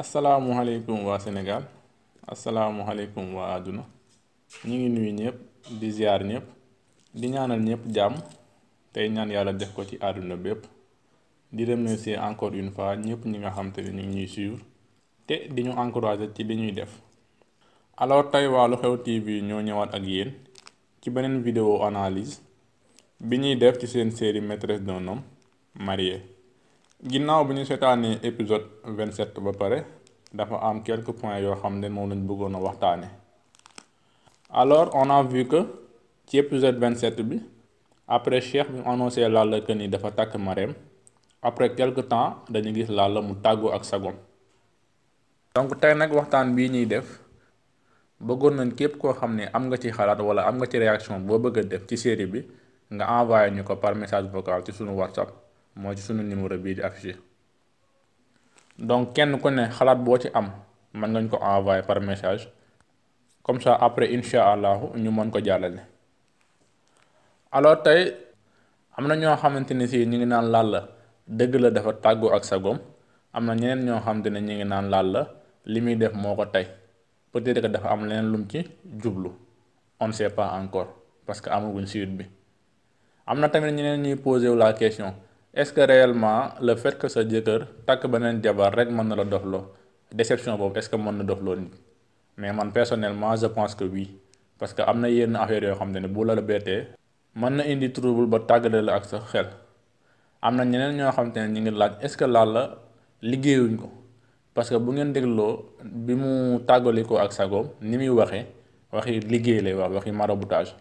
asalaamualeykum waa Sénégal asalaamualeykum waa àdduna ñu ngi nuyu ñëpp di ziar ñëpp di ñaanal ñëpp jàmm tey ñaan yàlla def ko ci àdduna bépp di remercier encore une fois ñëpp ñi nga xam te ne ñu ngi ñuy suivre te di ñu encourager ci li ñuy def. alors tey waa Lu Xew TV ñoo ñëwaat ak yéen ci beneen vidéo analyse bi ñuy def ci seen série maîtresse d'un homme marié. ginnaaw bi ñu seetaanee épisode vingt sept ba pare dafa am quelques points yoo xam ne moom lañ bëggoon a waxtaane alors on a vu que ci épisode vingt sept bi après Cheikh bi mu annoncé Lalla que ni dafa takk Marème après quelque temps dañu gis Lalla mu tàggoo ak sagom donc tey nag waxtaan bii ñuy def bëggoon nañ képp koo xam ne am nga ci xalaat wala am nga ci réaction boo bëgg a def ci série bi nga envoyé ñu ko par message vocal ci suñu WhatsApp. moo ci sunu numéro bii di affiché donc kenn ku ne xalaat boo ci am mën ngañ ko envoyer par message comme ça après incha allahu ñu mën ko jàllale. alors tey am na ñoo xamante ni si ñu ngi naan Lalla dëgg la dafa tàggoo ak sagoom am na ñeneen ñoo xamante ne ñu ngi naan Lalla li muy def moo ko tey peut-être que dafa am leneen lum ci jublu on ne sait pas encore parce que amaguñ suite bi am na tamit ñeneen ñuy posé wu la question. est-ce que réellement le fait que sa jëkkër takk beneen jabar rek mën na la loo déception boobu est-ce que mën na dofloo nit mais man personnellement je pense que oui parce que am na yenn affaire yoo xam ne bu la la bettee mën na indi trouble ba tàggalee la ak sa xel am na ñeneen ñoo xam ne ñu ngi laaj est-ce que laal la liggéeyuñ ko parce que bu ngeen dégloo bi mu tàggali ko ak sagoom ni muy waxee waxi liggéey lay wax waxi maraboutage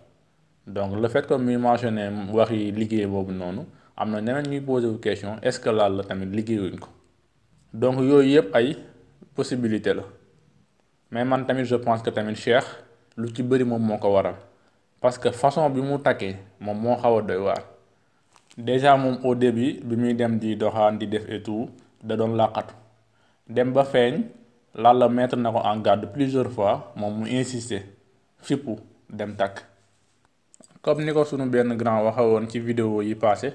donc le fait que muy mentionné waxi liggéey boobu noonu. am na ñeneen ñuy posé wu question est-ce que laal la tamit liggéeyuñ ko donc yooyu yëpp ay possibilité la mais man tamit je pense que tamit Cheikh lu ci bëri moom moo ko waral parce que façon bi mu takkee moom moo xaw a doy waar déjà moom au début bi muy dem di doxaan di def et tout da doon làqatu dem ba feeñ Lalla mettre na ko en garde plusieurs fois moom mu insister fippu dem takk comme ni ko sunu benn grand waxe woon ci vidéo yi passé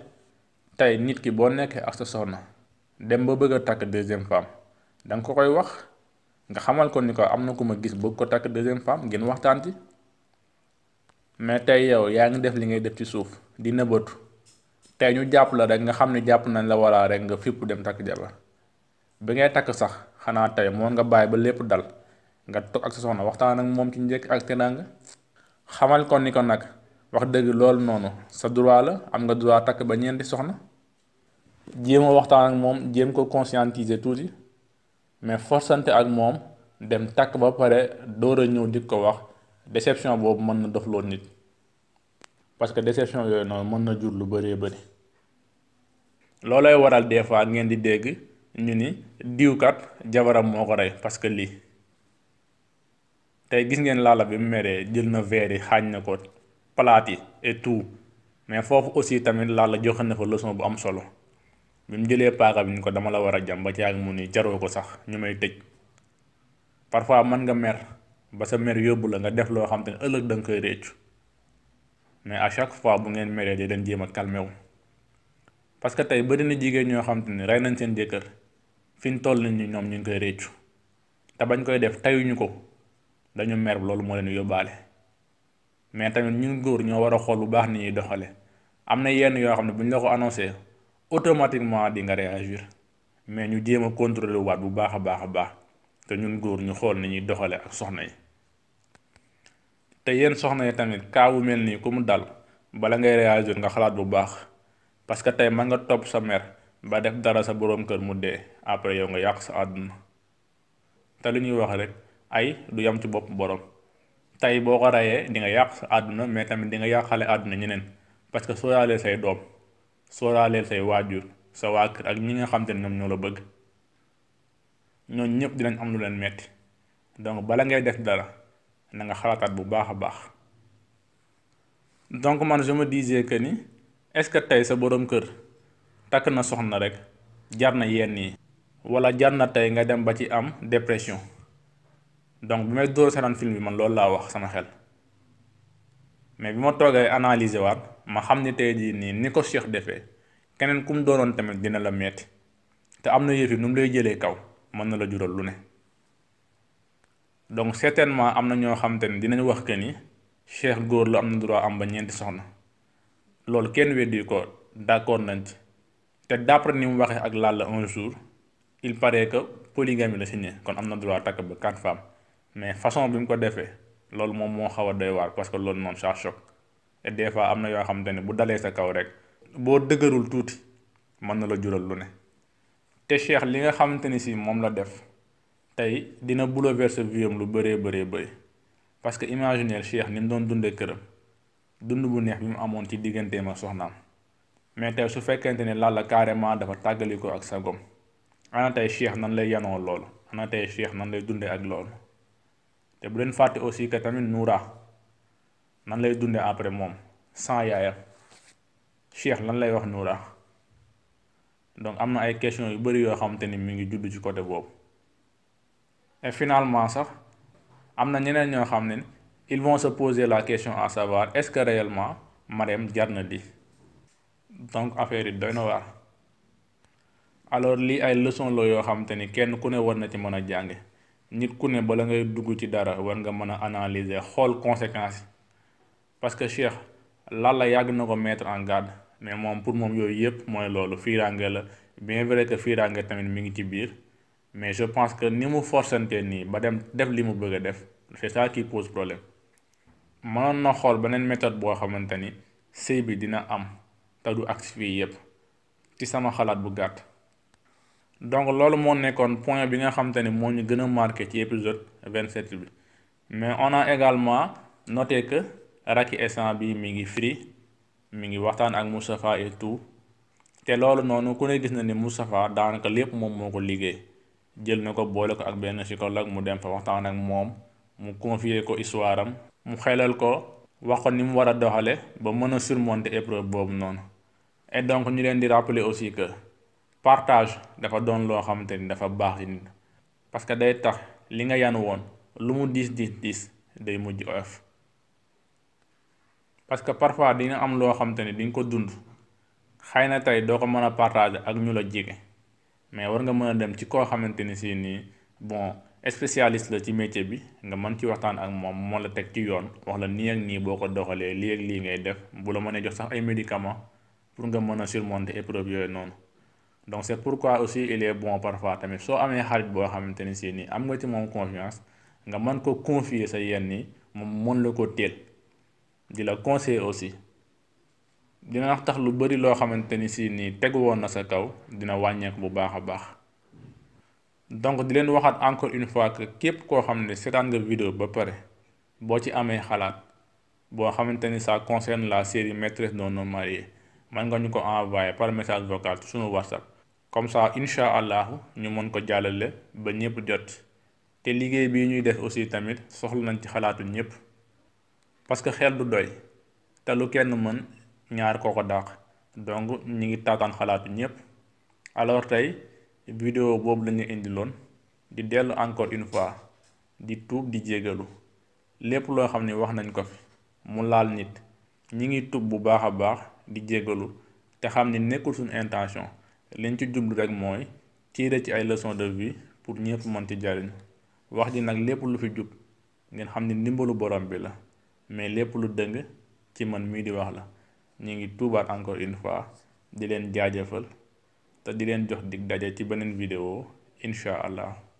tey nit ki boo nekkee ak sa soxna dem ba bëgg a takk deuxième femme da nga ko koy wax nga xamal ko ni ko am na ku ma gis bëgg ko takk deuxième femme ngeen waxtaan ci mais tey yow yaa ngi def li ngay def ci suuf di nëbbatu tey ñu jàpp la rek nga xam ne jàpp nañ la walla rek nga fipp dem takk jabar bi ngay takk sax xanaa tey moo nga bàyyi ba lépp dal nga toog ak sa soxna waxtaan ak moom ci njëkk ak teraanga xamal ko ni ko nag. wax dëgg loolu noonu sa droit la am nga droit takk ba ñeenti soxna jéem a waxtaan ak moom jéem ko conscientiser tuuti mais forçante ak moom dem takk ba pare door a ñëw di ko wax déception boobu mën na dof dofloo nit parce que déception yooyu noonu mën na jur lu bëree bëri loolay waral des fois ngeen di dégg ñu ni diwkat jabaram moo ko rey parce que lii tey gis ngeen laala bi mu meree jël na verre yi xaañ na ko palaat yi et tout mais foofu aussi tamit Lalla joxe na fa leçon bu am solo bi mu jëlee paaka bi ñu ko dama la war a jam ba ci ak mu ni jaroo ko sax ñu may tëj parfois mën nga mer ba sa mer yóbbu la nga def loo xam te ne ëllëg da nga koy réccu mais à chaque fois bu ngeen meree di leen jéem a calmé wu parce que tey bëri na jigéen ñoo xam te ni rey nañ seen jëkkër fi ñu toll nit ñi ñoom ñu ngi koy réccu te bañ koy def teyuñu ko dañu mer loolu moo leen yóbbaale. mais tamit ñun góor ñoo war a xool bu baax ni ñuy doxale am na yenn yoo xam ne bu ñu la ko annoncé automatiquement di nga réagir mais ñu jéem a contrôler waat bu baax a baax baax te ñun góor ñu xool ni ñuy doxale ak soxna yi te yenn soxna yi tamit kaawu mel nii ku mu dal bala ngay réagir nga xalaat bu baax parce que tey mën nga topp sa mère ba def dara sa boroom kër mu dee après yow nga yàq sa àdduna te lu ñuy wax rek ay du yam ci bopp boroom tey boo ko rayee di nga yàq sa àdduna mais tamit di nga yàqale àdduna ñeneen parce que sooraaleel say doom sooraaleel say waajur sa waa kër ak ñi nga xam ni ne ñoom ñoo la bëgg ñooñu ñëpp dinañ am lu leen metti donc bala ngay def dara na nga xalaataat bu baax a baax donc man je me disais que ni est-ce que tey sa boroom kër takk na soxna rek jar na yenn yi. wala jar na tey nga dem ba ci am depression donc bi may dóor seetaan film bi man loolu laa wax sama xel mais bi ma toogee analyser waat ma xam ni tey jii nii ni ko Cheikh defee keneen ku mu doonoon tamit dina la metti te am na yëf yi nu mu lay jëlee kaw mën na la jural lu ne donc certainement am na ñoo xamante ni dinañu wax que ni Cheikh góor la am na droit am ba ñeenti soxna loolu kenn weddi ko d'accord nañ ci te d'après ni mu waxee ak Lalla un jour il paraît que polygamie la si ne kon am na droit takk ba quatre femmes. mais façon bi mu ko defee loolu moom moo xaw a doy waar parce que loolu moom ça choc te des fois am na yoo xamante ne bu dalee sa kaw rek boo dëgërul tuuti mën na la jural lu ne te Cheikh li nga xamante ni si moom la def tey dina bouleverser vie am lu bëree bëree bëri parce que imaginer Cheikh ni mu doon dundee këram dund bu neex bi mu amoon ci digganteem ak soxnaam mais tey su fekkente ne Lalla carrément dafa tàggali ko ak sa gom ana tey Cheikh nan lay yenoo loolu ana Cheikh nan lay dundee ak loolu. te bu leen fàtte aussi que tamit Noura nan lay dundee après moom sans yaayam Cheikh lan lay wax Noura donc am na ay questions yu bëri yoo xamante ni mi ngi juddu ci côté boobu et finalement sax am na ñeneen ñoo xam ne il vont se poser la question à savoir est-ce que réellement Marème jar na lii donc affaire yi doy na waar alors lii ay leçon la yoo xamante ni kenn ku ne war na ci mën a jànge nit ku ne bala ngay dugg ci dara war nga mën a analyser xool conséquences parce que Cheikh Lalla yàgg na ko mettre en garde mais moom pour moom yooyu yëpp mooy loolu fiiraange la bien vrai que fiiraange tamit mi ngi ci biir mais je pense que ni mu forcante nii ba dem def li mu bëgg a def c'est ça qui pose problème mënoon na xool beneen méthode boo xamante ni sëy bi dina am te du agsi fii yëpp ci sama xalaat bu gàtt. donc loolu moo nekkoon point bi nga xam te moo nu gën a marqué ci épisode vingt sept bi mais on a également noté que Racky instant bi mi ngi free mi ngi waxtaan ak Moustapha et tout te loolu noonu ku ne gis na ni Moustapha daanaka lépp moom moo ko liggéey jël na ko boole ko ak benn psychologue mu dem fa waxtaan ak moom mu confier ko histoire am mu xelal ko wax ko ni mu war a doxale ba mën a surmonter épreuve boobu noonu et donc ñu leen di rappeler aussi que partage dafa doon loo xamante ni dafa baax nit parce que day tax li nga yanu woon lu mu diis diis diis day mujj oyof parce que parfois nga am loo xamante ni di nga ko dund xëy na tey doo ko mën a partager ak ñu la jege mais war nga mën a dem ci koo xamante ni si nii bon spécialiste la ci métier bi nga mën ci waxtaan ak moom moo la teg ci yoon wax la nii ak nii boo ko doxalee lii ak lii ngay def bu la mënee jox sax ay médicament pour nga mën a surmonter épreuve yooyu noonu. donc c'est pourquoi aussi il est bon parfois tamit soo amee xarit boo xamante ni si ni am nga ci moom confiance nga man ko confier sa yenn nii moom mën la ko téel di la conseiller aussi dina tax lu bari loo xamante ni si nii tegu woon na sa kaw dina wàññeeku bu baax a baax donc di leen waxaat encore une fois que képp koo xam ne seetaan nga vidéo ba pare boo ci amee xalaat boo xamante ni ça concerne la série maîtresse d'un homme marié mën nga ñu ko envoyer par message vocal suñu whatsapp comme ça incha allahu ñu mën ko jàllale ba ñëpp jot te liggéey bi ñuy def aussi tamit soxla nañ ci xalaatu ñëpp parce que xel du doy te lu kenn mën ñaar koo ko dàq donc ñu ngi taataan xalaatu ñëpp alors tey vidéo boobu la indi loon di dellu encore une fois di tuub di jégalu lépp loo xam ne wax nañ ko fi mu laal nit ñi ngi tuub bu baax a baax di jégalu te xam ne nekkul suñu intention liñ ci jublu rek mooy tiire ci ay leçons de vie pour ñëpp mën ci jariñ wax ji nag lépp lu fi jub ngeen xam ni ndimbalu borom bi la mais lépp lu dëng ci man mii di wax la ñu ngi tuubaat encore une fois di leen jaajëfal te di leen jox dig daje ci beneen vidéo incha allah